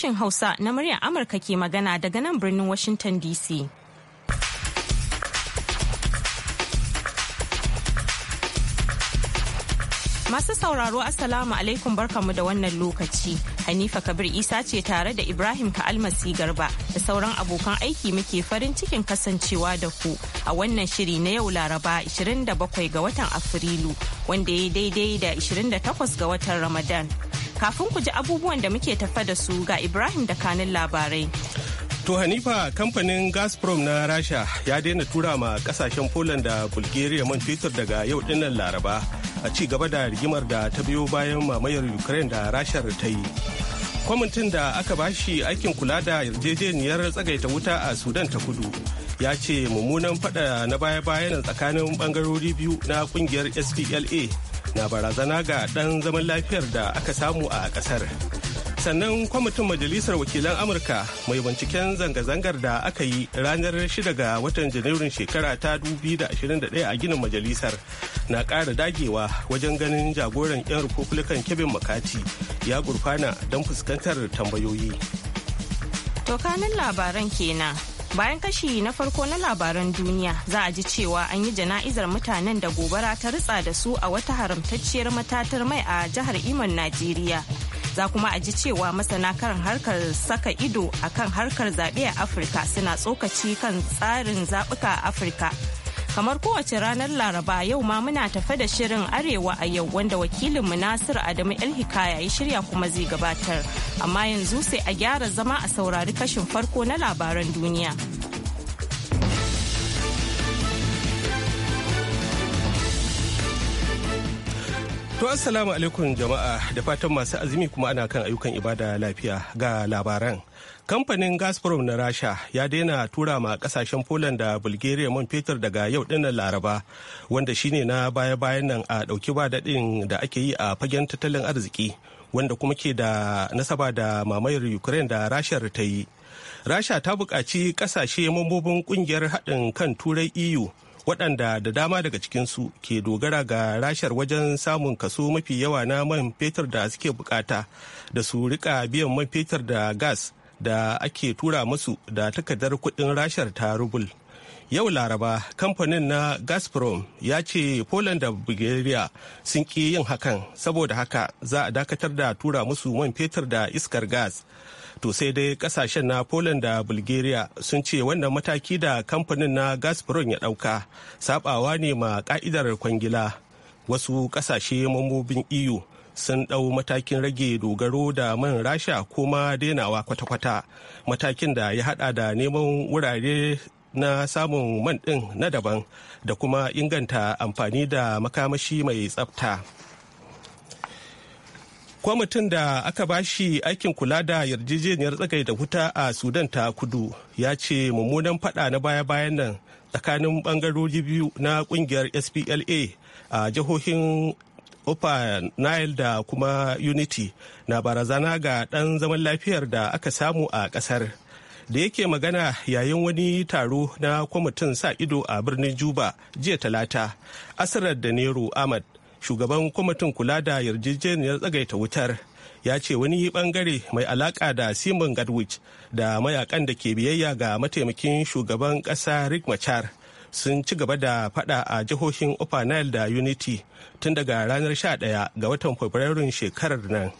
sashen Hausa na muryar Amurka ke magana daga nan birnin Washington DC. Masu sauraro Assalamu alaikum barkamu da wannan lokaci. Hanifa Kabir Isa ce tare da Ibrahim Ka'almasi Garba da sauran abokan aiki muke farin cikin kasancewa da ku a wannan shiri na yau Laraba 27 ga watan Afrilu wanda ya daidai da 28 ga watan Ramadan. Kafin ku ji abubuwan da muke tafa da su ga Ibrahim da kanin labarai. To Hanifa kamfanin Gazprom na Rasha ya daina tura ma kasashen Poland da Bulgaria man fetur daga yau dinnan Laraba a ci gaba da rigimar da ta biyo bayan mamayar Ukraine da Rashar ta yi. Kwamitin da aka bashi aikin kula da yarjejeniyar tsagaita wuta a Sudan ta kudu ya ce mummunan fada na baya bayanan tsakanin bangarori biyu na kungiyar SPLA na barazana ga ɗan zaman lafiyar da aka samu a ƙasar. Sannan kwamitin Majalisar Wakilan Amurka mai binciken zanga-zangar da aka yi ranar 6 ga watan Janairun shekara ta 2021 a ginin majalisar na ƙara dagewa wajen ganin jagoran 'yan Republican kebin Makati ya gurfana don fuskantar tambayoyi. To kanin labaran kenan. bayan kashi na farko na labaran duniya za a ji cewa an yi jana'izar mutanen da gobara ta ritsa da su a wata haramtacciyar matatar mai a jihar iman najeriya za kuma a ji cewa masana kan harkar saka ido a kan harkar zaɓe a afirka suna tsokaci kan tsarin zaɓuka a afirka kamar kowace ranar laraba yau ma muna tafe da shirin arewa a yau wanda wakilinmu nasir adamu hikaya ya shirya kuma zai gabatar amma yanzu sai a gyara zama a saurari kashin farko na labaran duniya To assalamu alaikum jama'a da fatan masu azumi kuma ana kan ayyukan ibada lafiya ga labaran. kamfanin gazprom na rasha ya daina tura ma kasashen poland da bulgaria man fetur daga yau dinnan laraba wanda shine na baya-bayan nan a dauki ba dadin da ake yi a fagen tattalin arziki wanda kuma ke da nasaba da mamayar ukraine da rashar ta yi rasha ta bukaci kasashe mambobin kungiyar haɗin kan turai eu waɗanda da dama daga cikinsu ke dogara ga rashar wajen samun kaso mafi yawa na man fetur da suke bukata da su rika biyan man fetur da gas da ake tura musu da takardar kuɗin rashar ta rubul yau laraba kamfanin na gazprom ya ce poland da bulgaria sun ƙi yin hakan saboda haka za a dakatar da tura musu man fetur da iskar gas to sai dai kasashen na poland da bulgaria sun ce wannan mataki da kamfanin na gazprom ya ɗauka sabawa ne ma ka'idar kwangila wasu kasashe mambobin eu sun ɗau matakin rage dogaro da man rasha kuma dainawa kwata-kwata matakin da ya hada da neman wurare na samun man ɗin na daban da kuma inganta amfani da makamashi mai tsafta. kwamitin da aka bashi aikin kula da yarjejeniyar tsagai da wuta a sudan ta kudu ya ce mummunan fada na baya-bayan nan tsakanin bangarori biyu na kungiyar spla a jihohin upa nile da kuma unity na barazana ga ɗan zaman lafiyar da aka samu a ƙasar da yake magana yayin wani taro na kwamitin sa ido a birnin juba jiya talata asirar da nero ahmad shugaban kwamitin kula da yarjejeniyar tsagaita wutar ya ce wani bangare mai alaka da simon gadwich da mayakan da ke biyayya ga mataimakin shugaban ƙasa rick machar sun ci gaba da fada a jihohin upper da unity tun daga ranar 11 ga watan fabrairun shekarar nan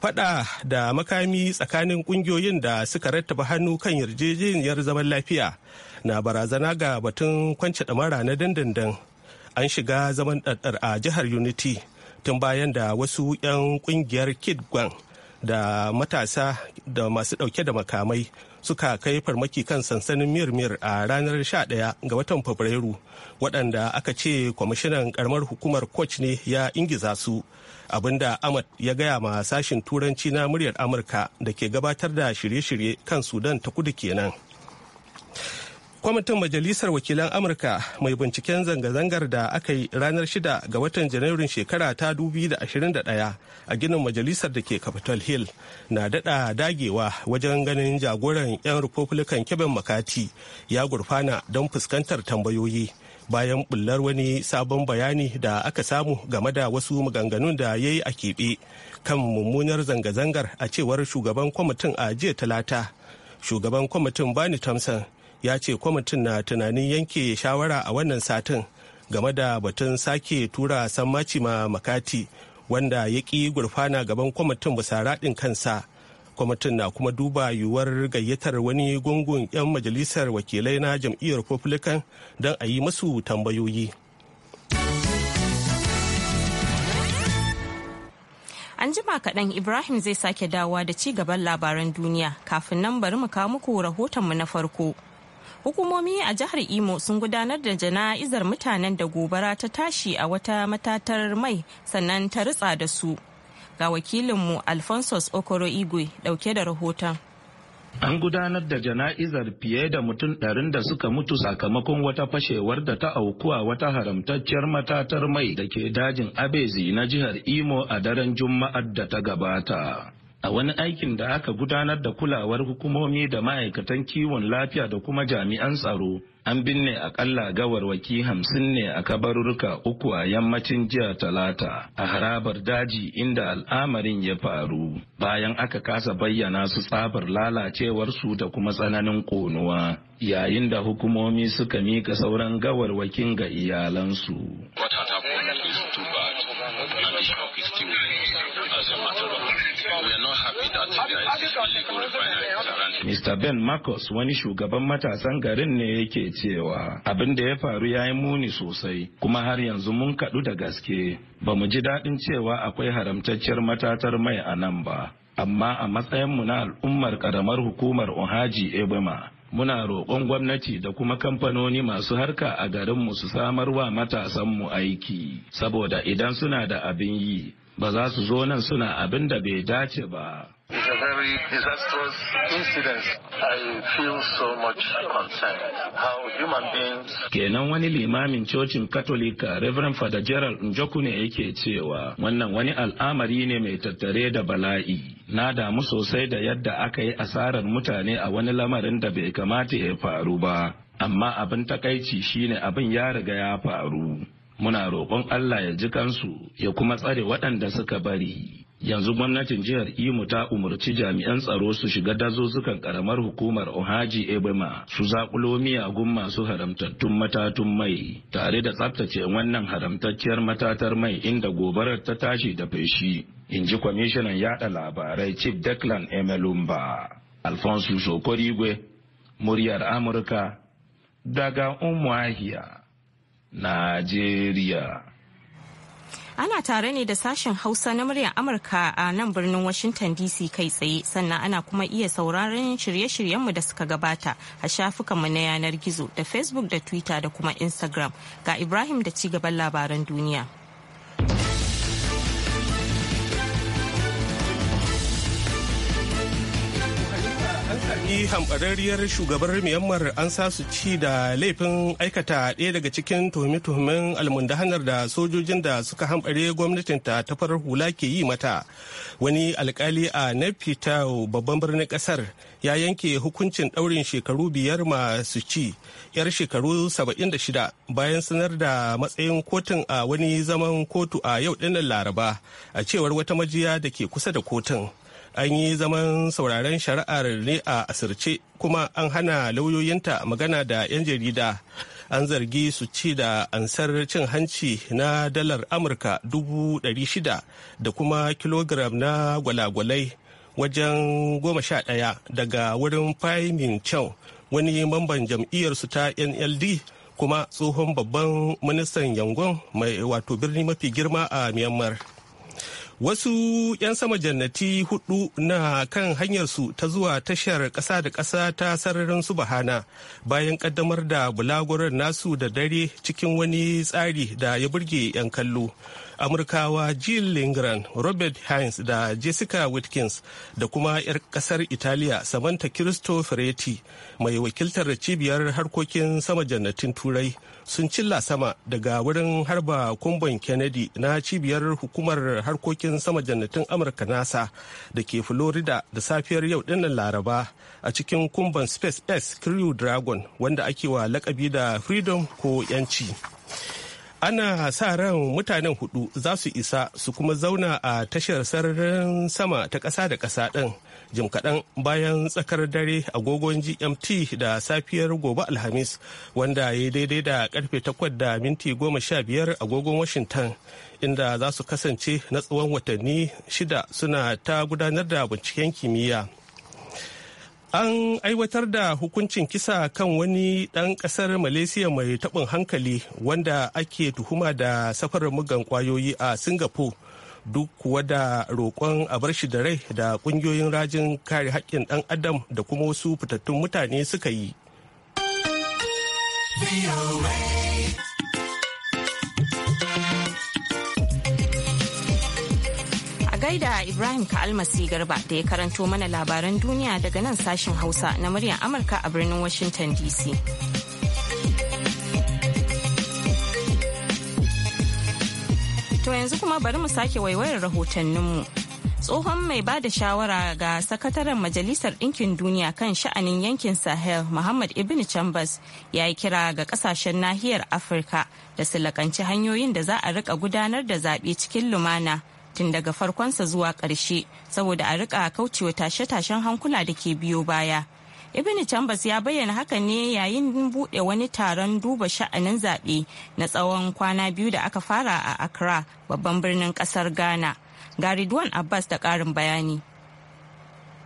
fada da makami tsakanin kungiyoyin da suka rattaba hannu kan yarjejeniyar zaman lafiya na barazana ga batun kwance damara na dandandan an shiga zaman ɗaɗɗar a jihar unity tun bayan da wasu 'yan kungiyar kid da matasa da masu ɗauke da makamai suka kai farmaki kan sansanin mirmir a ranar 11 ga watan fabrairu waɗanda aka ce kwamishinan karamar hukumar koch ne ya ingiza su abinda ahmad ya gaya ma sashin turanci na muryar amurka da ke gabatar da shirye-shirye kan sudan ta kudu kenan kwamitin majalisar wakilan amurka mai binciken zanga-zangar da aka yi ranar 6 ga watan janairun shekara ta 2021 a ginin majalisar da ke capitol hill na dada dagewa wajen ganin jagoran 'yan republican kevin makati ya gurfana don fuskantar tambayoyi bayan bullar wani sabon bayani da aka samu game da wasu maganganun da ya yi a keɓe kan mummunar zanga-zangar a cewar shugaban kwamitin a jiya talata shugaban kwamitin bani thompson ya ce kwamitin na tunanin yanke shawara a wannan satin game da batun sake tura sammaci ma makati wanda ya ki gurfana gaban kwamitin bisa kansa kwamitin na kuma duba yiwuwar gayyatar wani gungun 'yan majalisar wakilai na jam'iyyar republican don a yi masu tambayoyi an jima kaɗan ibrahim zai sake dawa da ci gaban labaran duniya kafin nan bari mu kawo muku rahotonmu na farko Hukumomi a jihar Imo sun gudanar da jana'izar mutanen da gobara ta tashi a wata matatar mai sannan ta ritsa da su. Ga wakilinmu Alphonsus Okoro Igwe dauke da rahoton. An gudanar da jana'izar fiye da mutum ɗarin da suka mutu sakamakon wata fashewar da ta auku a wata haramtacciyar matatar mai da ke dajin Abezi na jihar Imo a daren Juma'ar da ta gabata. a wani aikin da aka gudanar da kulawar hukumomi da ma'aikatan kiwon lafiya da kuma jami'an tsaro an binne akalla gawarwaki hamsin ne a kabarurruka uku a yammacin jiya talata a harabar daji inda al'amarin ya faru bayan aka kasa bayyana su tsabar lalacewar su da kuma tsananin konuwa yayin da hukumomi suka mika sauran gawarwakin ga iyalansu. Mr. Ben Marcos wani shugaban matasan garin ne yake cewa abin da ya faru ya yi muni sosai kuma har yanzu mun kaɗu da gaske ba mu ji daɗin cewa akwai haramtacciyar matatar mai a nan ba. Amma a matsayinmu na al'ummar ƙaramar hukumar Ohaji Ebema muna roƙon gwamnati da kuma kamfanoni masu harka a garinmu su samar wa matasanmu aiki saboda idan suna da abin yi ba za su zo nan suna abin da bai dace ba. It's a very disastrous incident. I feel so much concern how human beings. Kenan wani limamin cocin Katolika Reverend Father Gerald Njoku ne yake cewa wannan wani al'amari ne mai tattare da bala'i. Na damu sosai da yadda aka yi asarar mutane a wani lamarin da bai kamata ya faru ba. Amma abin takaici shine abin ya riga ya faru. Muna roƙon Allah ya ji kansu ya kuma tsare waɗanda suka bari. yanzu gwamnatin jihar imo ta umarci jami'an tsaro su shiga dazuzzukan karamar hukumar ohaji ebema su zakulo miyagun masu haramtattun matatun mai tare da tsabtace wannan haramtacciyar matatar mai inda gobarar ta tashi da feshi in ji kwamishinan yada labarai chief declan emelumba alfonso sokorigwe muryar amurka daga umuahia najeriya Ana tare ne da sashen Hausa na muryar Amurka a nan birnin Washington DC kai tsaye sannan ana kuma iya sauraron shirye-shiryenmu da suka gabata a shafukanmu na yanar gizo da Facebook da Twitter da kuma Instagram. Ga Ibrahim da cigaban labaran duniya. yi hamɓararriyar shugabar Myanmar an sa su ci da laifin aikata ɗaya daga cikin tuhume-tuhumen almundahanar da sojojin da suka hambare gwamnatinta ta farar hula ke yi mata. Wani alkali a Nefitau babban birnin ƙasar ya yanke hukuncin ɗaurin shekaru biyar masu ci, 'yar shekaru 76 bayan sanar da matsayin kotun a wani zaman kotu a yau ɗinnan Laraba, a cewar wata majiya da ke kusa da kotun. an yi zaman sauraren shari'ar ne a asirce kuma an hana lauyoyinta magana da 'yan jarida an zargi su ci da ansar cin hanci na dalar amurka dubu shida da kuma kilogram na gwalagwalai wajen sha ɗaya daga wurin faimin chow wani mamban jam'iyyarsu ta nld kuma tsohon babban ministan yangon mai wato birni mafi girma a myanmar wasu 'yan sama jannati hudu na kan hanyarsu ta zuwa tashar ƙasa da ƙasa ta sararin su bahana bayan ƙaddamar da bulaguran nasu da dare cikin wani tsari da ya burge 'yan kallo amurkawa jill lindgren robert hines da jessica watkins da kuma 'yar kasar italiya samanta cristo ferretti mai wakiltar cibiyar harkokin sama jannatin turai sun cilla sama daga wurin harba kumban kennedy na cibiyar hukumar harkokin sama jannatin amurka nasa da ke florida da safiyar yau dinnan laraba a cikin kumban space x crew dragon wanda ake wa lakabi da freedom ko yanci ana sa ran mutanen hudu za su isa su kuma zauna a tashar sararin sama ta ƙasa da ƙasa ɗin jim kaɗan bayan tsakar dare agogon gmt da safiyar gobe alhamis wanda ya daidai da karfe takwas da minti goma sha biyar agogon washington inda za su kasance na tsawon watanni shida suna ta gudanar da binciken kimiyya an aiwatar da hukuncin kisa kan wani ɗan ƙasar malaysia mai taɓin hankali wanda ake tuhuma da safarar mugan ƙwayoyi a singapore duk kuwa da roƙon a bar shi da rai da ƙungiyoyin rajin kare haƙƙin ɗan adam da kuma wasu fitattun mutane suka yi. da Ibrahim Ka'almasi Garba da ya karanto mana labaran duniya daga nan sashen Hausa na muryar Amurka a birnin Washington DC. To yanzu kuma bari mu sake waiwayar rahotanninmu. Tsohon mai ba da shawara ga sakataren Majalisar dinkin Duniya kan sha'anin yankin Sahel Muhammad Ibn Chambers ya yi kira ga kasashen nahiyar Afirka da su lakanci hanyoyin da za a rika gudanar da zaɓe cikin lumana. tun daga farkonsa zuwa ƙarshe saboda a rika kaucewa tashe-tashen hankula da ke biyo baya. Ibn Chambers ya bayyana haka ne yayin buɗe wani taron duba sha'anin zaɓe na tsawon kwana biyu da aka fara a Accra, babban birnin ƙasar Ghana. Ga Ridwan Abbas da ƙarin bayani.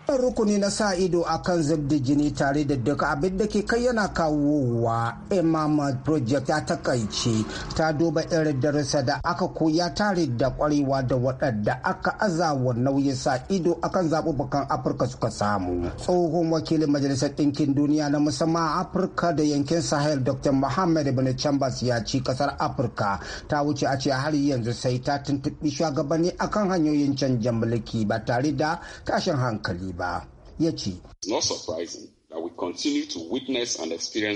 rukuni na sa ido a kan da jini tare da duka abin da ke kai yana kawowa imama project ta takaice ta duba irin darasa da aka koya tare da kwarewa da waɗanda aka azawa nauyin sa ido a akan zaɓuɓɓukan afirka suka samu tsohon wakilin majalisar ɗinkin duniya na musamman afirka da yankin sahel dr muhammad ibn chambers ya ci kasar afirka ta wuce a ce har yanzu sai ta tuntuɓi shugabanni akan hanyoyin canjin mulki ba tare da tashin hankali hankali ba ya ce. not surprising that we continue to witness and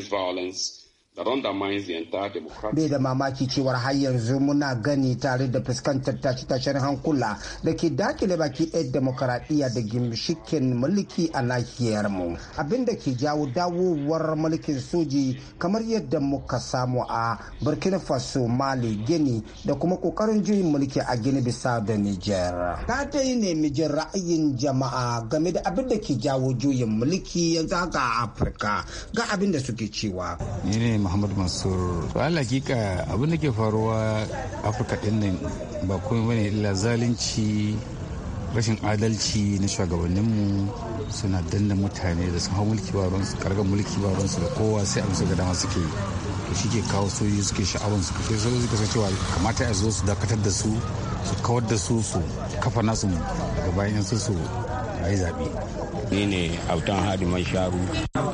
violence Bai da mamaki cewar har yanzu muna gani tare da fuskantar tashe-tashen hankula da ke dakile baki ɗaya demokaradiyya da gimshikin mulki a nahiyarmu. Abin da ke jawo dawowar mulkin soji kamar yadda muka samu a Burkina Faso, Mali, Gini da kuma kokarin juyin mulki a Gini bisa da Nijar. Ka dai nemi jin ra'ayin jama'a game da abin da ke jawo juyin mulki yanzu haka a Afirka ga abin da suke cewa. muhammad mansur to a hakika abin da ke faruwa afirka ɗin nan ba komai bane illa zalunci rashin adalci na shugabanninmu suna danna mutane da sun hau mulki ba su karga mulki ba su da kowa sai amsa ga dama suke to shi ke kawo soji suke sha'awar su sai suka san cewa kamata a zo su dakatar da su su kawar da su su kafa nasu daga bayan su su a yi zaɓe. ni ne autan hadi man sharu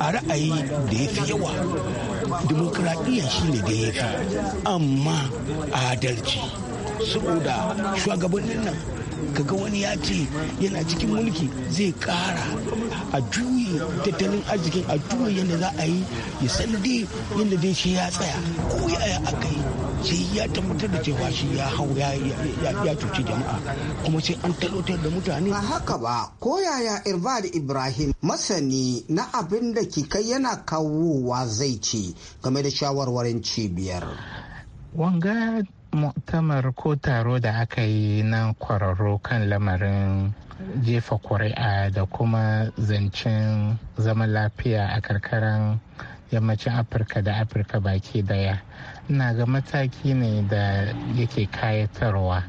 a ra'ayi da ya fi yawa shi ne da ya fi amma adalci saboda shugabannin nan kaga wani ya ce yana cikin mulki zai kara a juyi tattalin arzikin a juyi yadda za a yi ya san dai yadda zai shi ya tsaya ko ya a kai sai ya tabbatar da cewa shi ya hau ya cuci jama'a kuma sai an talotar da mutane ba haka ba ko yaya irbad ibrahim masani na abin da ke kai yana kawowa zai ce game da shawarwarin cibiyar wanga muktamar ko taro da aka yi na kwararro kan lamarin jefa kuri'a da kuma zancen zaman lafiya a karkaran yammacin afirka da afirka baki daya na ga mataki ne da yake kayatarwa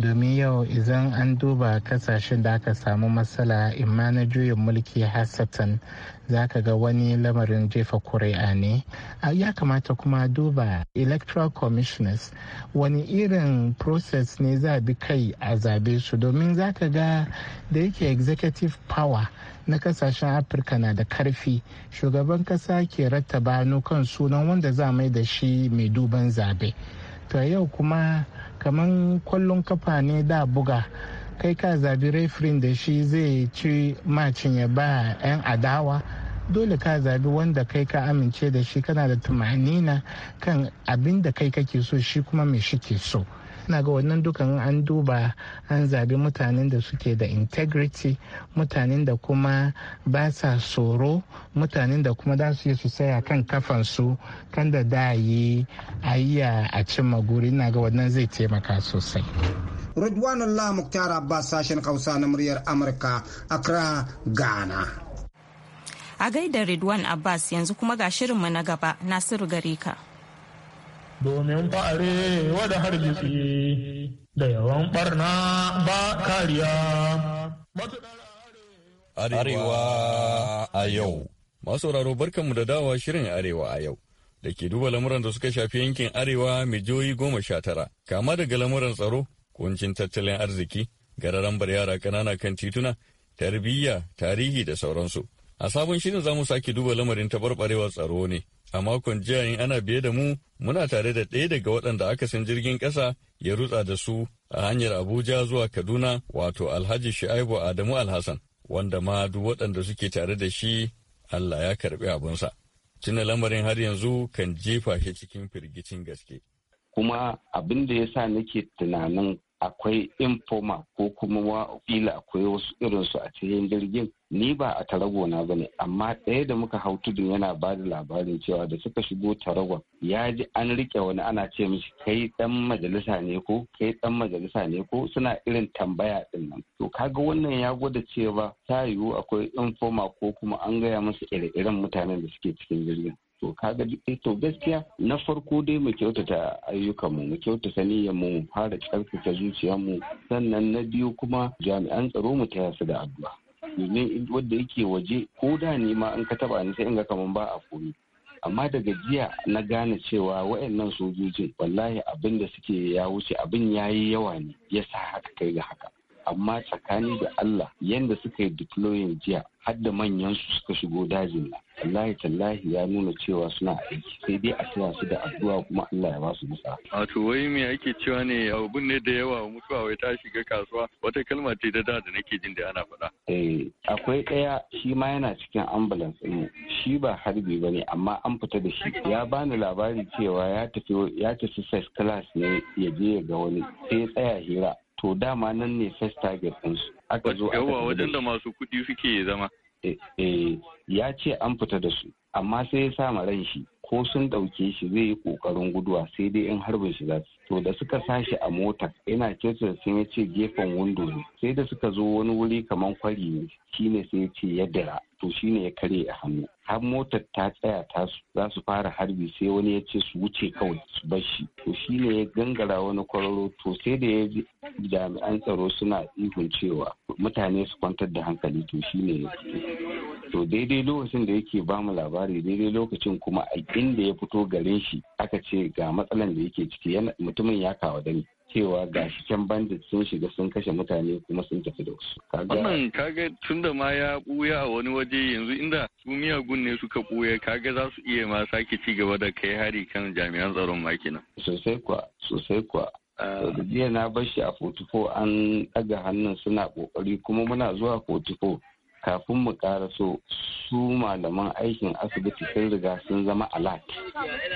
domin yau idan an duba kasashen da aka samu matsala imma na juyin mulki hasatan za ka ga wani lamarin jefa kuri'a ne ya kamata kuma duba electoral commissioners wani irin process ne za bi kai a zabe su domin za ka ga da yake executive power na kasashen afirka na da karfi shugaban kasa ke rattaba kan sunan wanda za mai da shi mai duban zabe to yau kuma kaman kwallon kafa ne da buga kai ka zabi refirin da shi zai ci macin ya ba 'yan adawa dole ka zabi wanda kai ka amince da shi kana da tumanina kan abin da kai kake so shi kuma mai shi ke so ina ga wannan dukan an duba an zabi mutanen da suke da integrity mutanen da kuma ba sa tsoro mutanen da kuma za su yi su tsaya kan kafansu kan da da yi a yi a cimma guri ina ga wannan zai taimaka sosai Allah Muktar Abbas sashen Hausa na muryar Amurka, Accra, Ghana. A gaida Ridwan Abbas yanzu kuma ga shirin mu na gaba, Nasiru Gareka. domin fa'are wada hargitsi da yawan barna ba kariya. Arewa a yau masu raro barkanmu da dawa shirin Arewa a yau da ke duba lamuran da suka shafi yankin Arewa mai jihohi goma sha tara kama daga lamuran tsaro, kuncin tattalin arziki, gararan bar yara ƙanana kan tituna, tarbiyya, tarihi da sauransu. A sabon shirin za mu sake duba lamarin tabarbarewar tsaro ne A makon jiya in ana biye da mu muna tare da ɗaya daga waɗanda aka san jirgin ƙasa ya rutsa da su a hanyar Abuja zuwa Kaduna wato Alhaji Shu'aibu Adamu Alhassan wanda ma duk waɗanda suke tare da shi Allah ya karɓi abunsa. Tuna lamarin har yanzu kan jefa shi cikin firgicin gaske. Kuma abin da ya sa nake tunanin akwai informa ko kuma wakila akwai wasu irinsu a cikin jirgin ni ba a taragona ba ne amma ɗaya da muka hau tudun yana ba da labarin cewa da suka shigo taragon ya ji an riƙe wani ana ce mishi kai ɗan majalisa ne ko kai ɗan majalisa ne ko suna irin tambaya ɗinnan. nan to kaga wannan ya gwada cewa ta yiwu akwai informa ko kuma an gaya musu ire-iren mutanen da suke cikin jirgin to kaga eh, to gaskiya na farko dai mu kyautata ayyukanmu mu kyautata niyyarmu mu fara tsarkake zuciyarmu sannan na biyu kuma jami'an tsaro mu taya su da addu'a domin wanda yake waje ko da ni ma an ka taba ni sai in ga kaman ba a komi amma daga jiya na gane cewa wayannan sojojin wallahi abin da suke ya wuce abin yayi yawa ne yasa haka kai ga haka amma tsakani da Allah yanda suka yi deploying jiya har da manyan su suka shigo dajin nan wallahi tallahi ya nuna cewa suna aiki sai dai a taya su da addu'a kuma Allah ya ba su musa wato wai me ake cewa ne abun ne da yawa mutuwa wai ta shiga kasuwa wata kalma ce da da da nake jin da ana faɗa eh akwai ɗaya shi ma yana cikin ambulance ɗin shi ba harbi ba ne amma an fita da shi ya bani labari cewa ya tafi ya tafi first class ne ya je ga wani sai ya tsaya hira to dama nan ne first target ɗinsu aka zo aka wajen da masu kuɗi suke zama Eh, eh, ya ce an fita da su amma sai ya sa ran shi ko sun ɗauke shi zai yi ƙoƙarin guduwa sai dai in harbin shi za to da suka sashi a mota yana kyautar sun ya ce gefen windo ne sai da suka zo wani wuri kamar kwari ne shine sai ya ce ya dira to shine ya kare a hannu har motar ta tsaya ta za su fara harbi sai wani ya ce su wuce kawai su bar shi to shine ya gangara wani kwararo to sai da ya ji jami'an tsaro suna ihun cewa mutane su kwantar da hankali to shine to daidai lokacin da yake ba mu labari daidai lokacin kuma a inda ya fito garin shi aka ce ga matsalan da yake ciki mutumin ya kawo dani cewa ga shi can bandit sun shiga sun kashe mutane kuma sun tafi da wasu. Wannan kaga tun da ma ya buya a wani waje yanzu inda su miyagun ne suka buya kaga za su iya ma sake ci gaba da kai hari kan jami'an tsaron makina. Sosai kuwa sosai kuwa Eh, jiya na bashi a 44 an ɗaga hannun suna ƙoƙari kuma muna zuwa 44 kafin mu karaso su malaman aikin asibiti sun riga sun zama alat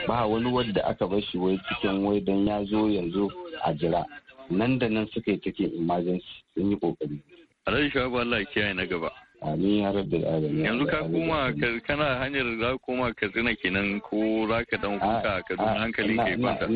ba wani wadda aka bashi wai cikin wai don ya zo yanzu a jira nan da nan suka yi cikin emergency sun yi ƙoƙari. Ran shagu Allah kiyaye na gaba. Amin ya Yanzu ka koma kana hanyar za ka koma Katsina kenan ko za ka dan ah, huta a ah, Kaduna hankali kai kwanta.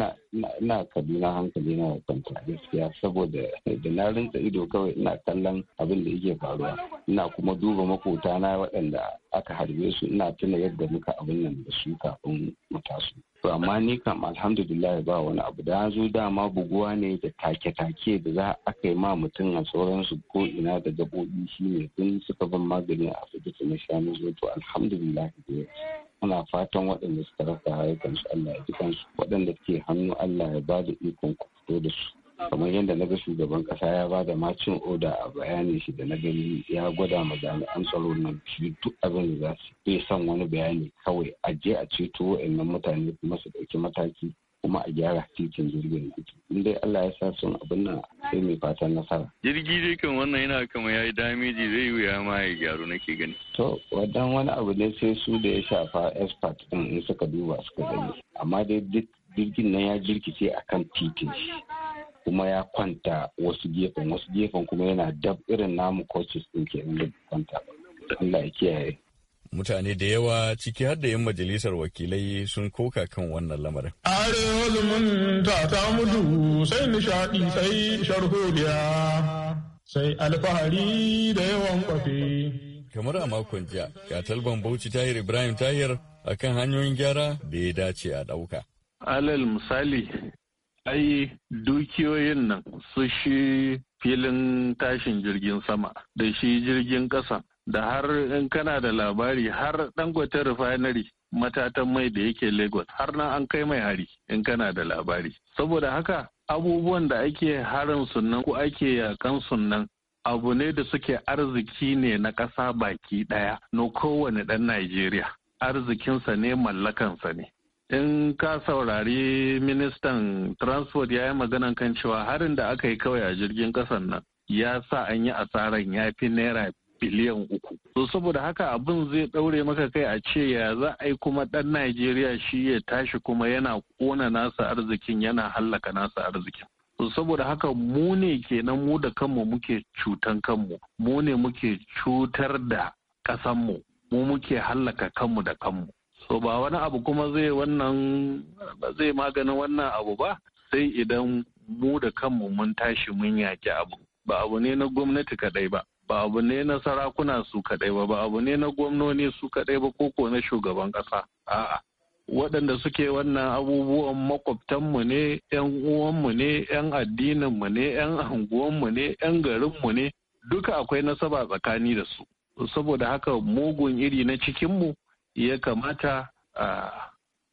na Kaduna hankali na kwanta gaskiya saboda da na rinta ido kawai ina kallon abin da yake faruwa. Ina kuma duba makota waɗanda aka harbe su ina tuna yadda muka abin nan da su kafin mu taso. to amma ni kam alhamdulillah ba wani abu da zo dama buguwa ne da take-take da za a kai ma mutum a sauransu ko ina da gabobi shine kun suka ban magani a asibiti na shanu zo to alhamdulillah da fatan waɗanda suka rasa rayukansu Allah ya ji kansu waɗanda ke hannu Allah ya ba da ikon ku da su kamar yadda na ga shugaban kasa ya ba da macin oda a bayanin shi da na gani ya gwada ma jami'an tsaro nan shi duk abin da za su ke son wani bayani kawai a je a ceto wa'annan mutane kuma su ɗauki mataki kuma a gyara titin jirgin ruwa. in dai Allah ya sa sun abin nan sai mai fatan nasara jirgi dai kan wannan yana kama yayi dameji zai wuya ma ya gyaru nake gani to wadan wani abu ne sai su da ya shafa expert din in suka duba suka gani amma dai duk jirgin nan ya jirkice akan titin shi kuma ya kwanta wasu gefen wasu gefen kuma yana dab irin namu coaches din ke da kwanta Allah ya kiyaye mutane da yawa ciki har da 'yan majalisar wakilai sun koka kan wannan lamarin. are zumunta ta mutu sai nishaɗi sai sharhodiya sai alfahari da yawan kwafe. Kamar a makon jiya, katalban Bauchi Tahir Ibrahim Tahir akan hanyoyin gyara da ya dace a ɗauka. Alal misali ai dukiyoyin nan su shi filin tashin jirgin sama da shi jirgin ƙasa da har in kana da labari har dangote refinery matatan mai da yake lagos har nan an kai mai hari in kana da labari saboda haka abubuwan da ake harin sunan ko ake yakan sunan abu ne da suke arziki ne na ƙasa baki ɗaya na kowane ɗan najeriya arzikinsa ne mallakansa ne in ka saurari ministan transport ya yi maganan kan cewa harin da aka yi kawai a jirgin kasan nan ya sa an yi asaran ya fi naira biliyan uku. So saboda haka abin zai ɗaure maka kai a ce ya za a yi kuma ɗan Najeriya shi ya tashi kuma yana ƙona nasa arzikin yana hallaka nasa arzikin. So saboda haka mu ne kenan mu da kanmu muke cutan kanmu, mu ne muke cutar da ƙasanmu, mu muke hallaka kanmu da kanmu. so ba wani abu kuma zai wannan ba zai maganin wannan abu ba sai idan mu da kanmu mun tashi mun yaki abu ba abu ne na gwamnati kadai ba ba abu ne na sarakuna su kadai ba ba abu ne na gwamnoni su kadai ba koko na shugaban ƙasa. a'a waɗanda suke wannan abubuwan makwabtanmu ne yan uwanmu ne yan addininmu ne yan anguwanmu ne yan garinmu ne duka akwai nasaba tsakani da su saboda haka mugun iri na cikinmu ya kamata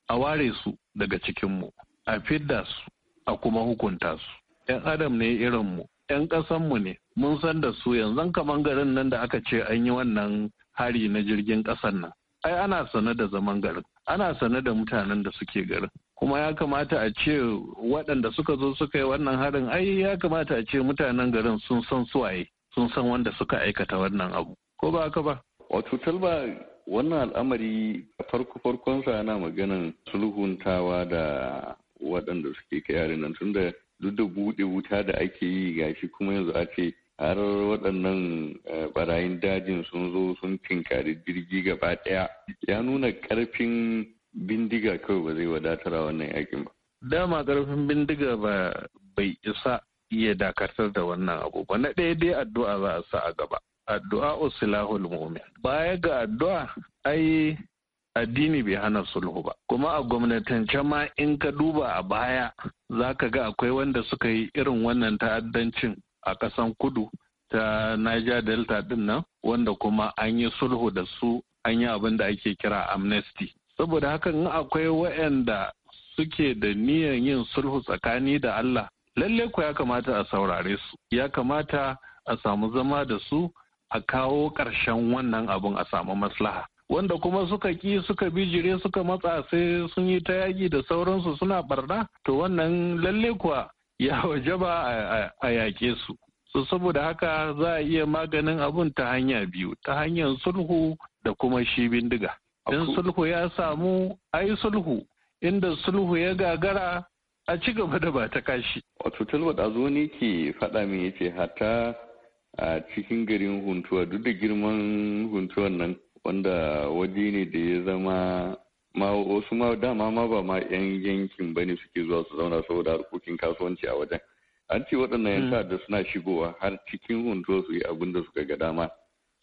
a ware su daga cikinmu a fidda su a kuma hukunta su 'yan adam ne irinmu 'yan ƙasanmu ne mun san da su yanzu kaman garin nan da aka ce an yi wannan hari na jirgin ƙasan nan ai ana sane da zaman garin ana sane da mutanen da suke garin kuma ya kamata a ce waɗanda suka zo suka yi wannan harin ai ya kamata a ce mutanen garin sun san suwaye sun san wanda suka aikata wannan abu ko ba haka ba wato talba wannan al'amari a farko farkonsa yana maganan sulhuntawa da waɗanda suke kai yare nan tunda duk da buɗe wuta da ake yi gashi kuma yanzu a ce har waɗannan barayin eh, dajin sun zo sun tinkari jirgi gaba ɗaya ya nuna ƙarfin bindiga kawai ba zai wadatar a wannan yakin ba. Dama ƙarfin bindiga ba bai isa iya dakatar da wannan abu ba na ɗaya dai addu'a za a sa a gaba addu'a silahul mu'min baya ga addu'a ai addini bai hana sulhu ba kuma a gwamnatance ma in ka duba a baya za ka ga akwai wanda suka yi irin wannan ta'addancin a ƙasan kudu ta niger delta din nan wanda kuma an yi sulhu da su an yi abin da ake kira amnesty saboda haka in akwai waɗanda suke da niyan yin sulhu tsakani da allah lalle ku ya kamata a saurare su ya kamata a samu zama da su a kawo ƙarshen wannan abun a samu maslaha wanda kuma suka ƙi suka bijire suka matsa sai sun yi ta yaki da sauransu suna barna to wannan lalle kuwa ya wajaba a yaƙe su su saboda haka za a iya maganin abun ta hanya biyu ta hanyar sulhu da kuma shi bindiga in sulhu ya samu ai sulhu inda sulhu ya gagara a ci gaba da ba ta kashi wato talbot a zo ne ke faɗa min ce hata a cikin garin huntuwa duk da girman huntuwan nan wanda waje ne da ya zama ma wasu ma dama ma ba ma yan yankin ba ne suke zuwa su zauna saboda harkokin kasuwanci a wajen an ce waɗannan yan mm. da suna shigowa har cikin huntuwa su yi abin da suka ga dama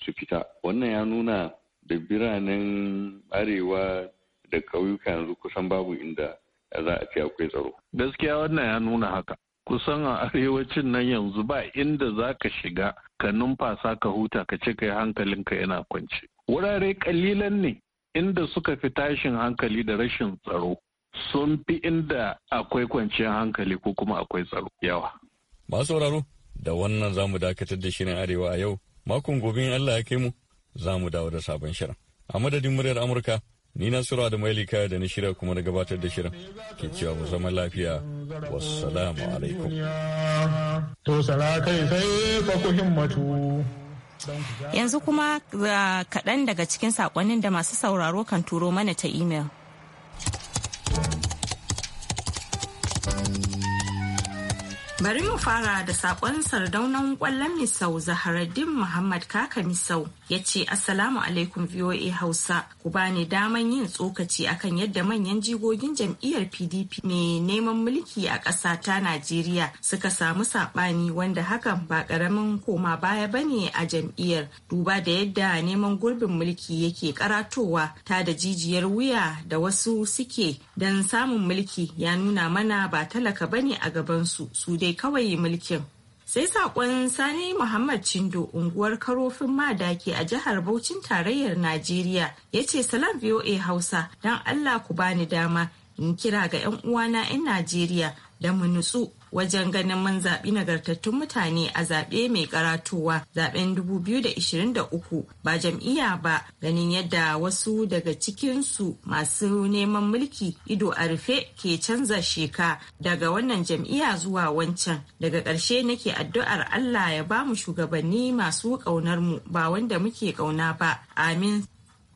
su fita wannan ya nuna da biranen arewa da ƙauyuka yanzu kusan babu inda za a ce akwai tsaro gaskiya wannan ya nuna haka kusan a arewacin nan yanzu ba inda za ka shiga ka numfasa ka huta ka ce kai hankalinka yana kwance wurare kalilan ne inda suka fi tashin hankali da rashin tsaro sun fi inda akwai kwanciyar hankali ko kuma akwai tsaro yawa masu sauraro da wannan zamu dakatar da shirin arewa a yau makon gobe in Allah ya kai mu za mu dawo da sabon shirin a madadin muryar amurka Ni na Sura da Mailika da na shirya kuma na gabatar da shirin. Ke cewa mu zama lafiya. Wassalamu alaikum. To sala kai sai fa ku himmatu. Yanzu kuma ga kaɗan daga cikin saƙonin da masu sauraro kan turo mana ta imel. Bari mu fara da saƙon sardaunan ƙwallon Misau Zaharaddin Muhammad Kaka Misau ya ce Assalamu alaikum VOA Hausa ku bani daman yin tsokaci akan yadda manyan jigogin jam'iyyar PDP mai neman mulki a ƙasa ta Najeriya suka samu saɓani wanda hakan ba ƙaramin koma baya bane a jam'iyyar duba da yadda neman gurbin mulki yake karatowa ta da jijiyar wuya da wasu suke don samun mulki ya nuna mana ba talaka bane a gabansu su dai kawai mulkin. sai sakon sani muhammad cindo unguwar karofin madaki a jihar Bauchin tarayyar najeriya ya ce salam voa hausa don allah ku bani dama in kira ga 'yan uwana 'yan najeriya da mu nutsu wajen ganin mun zaɓi nagartattun mutane a zaɓe mai karatuwa zaɓen 2023 ba jam'iyya ba ganin yadda wasu daga cikinsu masu neman mulki ido a rufe ke canza sheka daga wannan jam'iyya zuwa wancan daga ƙarshe nake addu'ar Allah ya ba mu shugabanni masu ƙaunar mu ba wanda muke ƙauna ba amin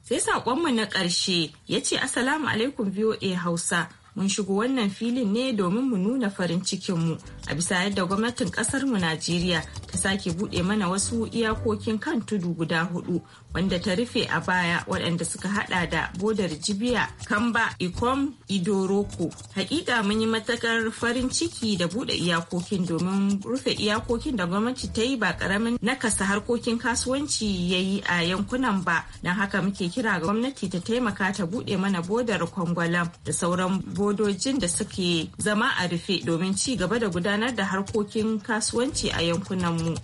sai saƙonmu na ƙarshe ya ce assalamu alaikum voa hausa mun shigo wannan filin ne domin mu nuna farin cikinmu a bisa yadda gwamnatin kasarmu najeriya ta sake buɗe mana wasu iyakokin kan tudu guda hudu wanda ta rufe a baya waɗanda suka hada da bodar jibiya kamba ikom idoroko hakika mun yi matakar farin ciki da bude iyakokin domin rufe iyakokin da gwamnati ta yi ba karamin nakasa harkokin kasuwanci ya yi a yankunan ba don haka muke kira ga gwamnati ta taimaka ta buɗe mana bodar kwangwalam da sauran bodojin da suke zama a rufe domin ci gaba da gudanar da harkokin kasuwanci a yankunan mu.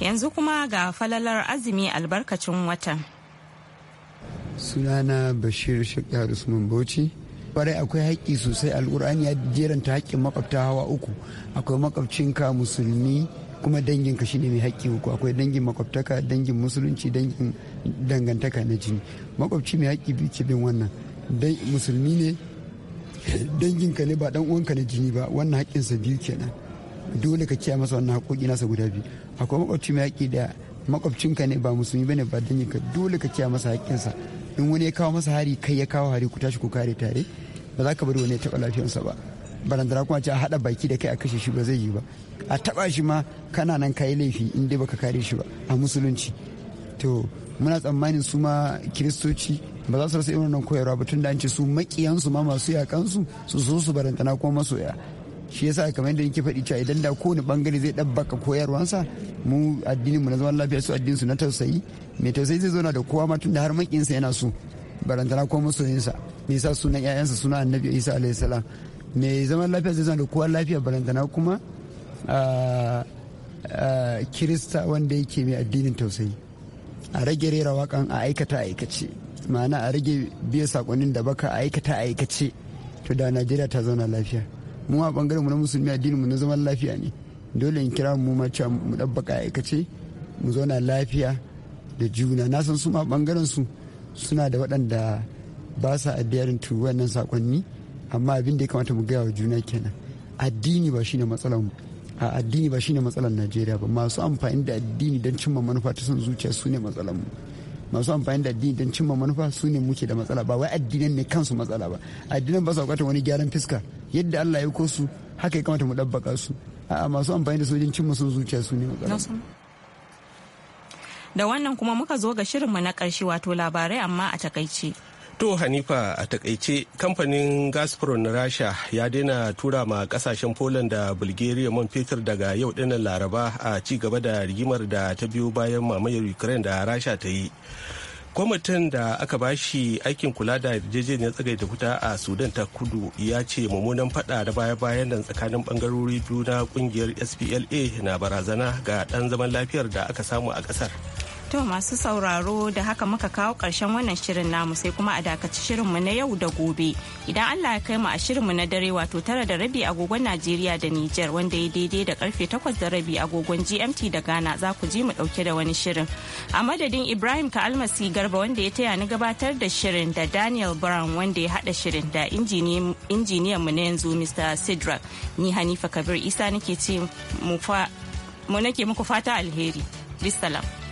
Yanzu kuma ga falalar azumi albarkacin watan. Sunana Bashir Shakya Usman Bauchi. kwarai akwai haƙƙi sosai al'ur'ani ya jeranta haƙƙin makwabta hawa uku akwai makwabcinka musulmi kuma danginka shine mai haƙƙi uku akwai dangin makwabtaka dangin musulunci dangin dangantaka na jini makwabci mai haƙƙi biyu ke bin wannan musulmi ne danginka ne ba dan uwanka na jini ba wannan haƙƙinsa biyu kenan dole ka kiyaye masa wannan haƙoƙi nasa guda biyu akwai makwabci mai haƙi da makwabcinka ne ba musulmi bane ba dan ka dole ka kiyaye masa haƙƙinsa in wani ya kawo masa hari kai ya kawo hari ku tashi ku kare tare ba za ka bari wani ya taɓa lafiyarsa ba barandara kuma ce a haɗa baki da kai a kashe shi ba zai yi ba a taɓa shi ma kana nan kayi laifi in dai baka kare shi ba a musulunci to muna tsammanin su ma kiristoci ba za su rasa irin wannan koyarwa ba tun da an ce su makiyansu ma masu yaƙansu su zo su barantana kuma masoya shi yasa kamar yadda nake faɗi cewa idan da kowane bangare zai ɗabbaka koyarwansa mu addinin mu na zaman lafiya su addinin su na tausayi mai tausayi zai zauna da kowa ma tunda har makinsa yana so barantana ko masoyinsa me yasa sunan ƴaƴansa suna annabi isa alayhi salam mai zaman lafiya zai zauna da kowa lafiya barantana kuma kirista wanda yake mai addinin tausayi a rage rera wakan a aikata aikace ma'ana a rage biya sakonin da baka aikata aikace to da najeriya ta zauna lafiya mu a bangaren mu na musulmi addinin mu na zaman lafiya ne dole in kira mu mace mu dabbaka aikace mu zauna lafiya da juna na san su ma bangaren su suna da waɗanda ba sa addiyarin tu wannan sakonni amma abin da ya kamata mu gaya wa juna kenan addini ba shine matsalar mu a addini ba shine matsalar Najeriya ba masu amfani da addini don cimma manufa ta son zuciya su ne matsalar mu masu amfani da addini don cimma manufa su ne muke da matsala ba wai addinan ne kansu matsala ba addinan ba sa bukatar wani gyaran fiska yadda Allah ya su haka ya kamata mu ɗabbaka su a masu amfani da sojin cimma sun zuciya su ne da wannan kuma muka zo ga shirinmu na ƙarshe wato labarai amma a takaice To Hanifa a takaice kamfanin gasprom na Rasha ya daina tura ma kasashen Poland da Bulgaria man fetur daga yau dinnan Laraba a ci gaba da rigimar da ta biyo bayan mamayar Ukraine da Rasha ta yi. kwamitin da aka bashi aikin kula da yarjejeniyar tsagaita wuta a sudan ta kudu ya ce mummunan fada da baya-bayan nan tsakanin bangarori biyu na kungiyar spla na barazana ga dan zaman lafiyar da aka samu a kasar To masu sauraro da haka muka kawo ƙarshen wannan shirin namu sai kuma a dakaci shirinmu na yau da gobe. Idan Allah ya kai mu a shirinmu na dare wato tara da rabi agogon Najeriya da Nijar wanda ya daidai da karfe takwas da rabi agogon GMT da Ghana za ku ji mu ɗauke da wani shirin. A madadin Ibrahim Ka'almasi Garba wanda ya taya ni gabatar da shirin da Daniel Brown wanda ya haɗa shirin da injiniyan mu na yanzu Mr. Sidrak. Ni Hanifa Kabir Isa nake ce mu nake muku fata alheri. Bisalam.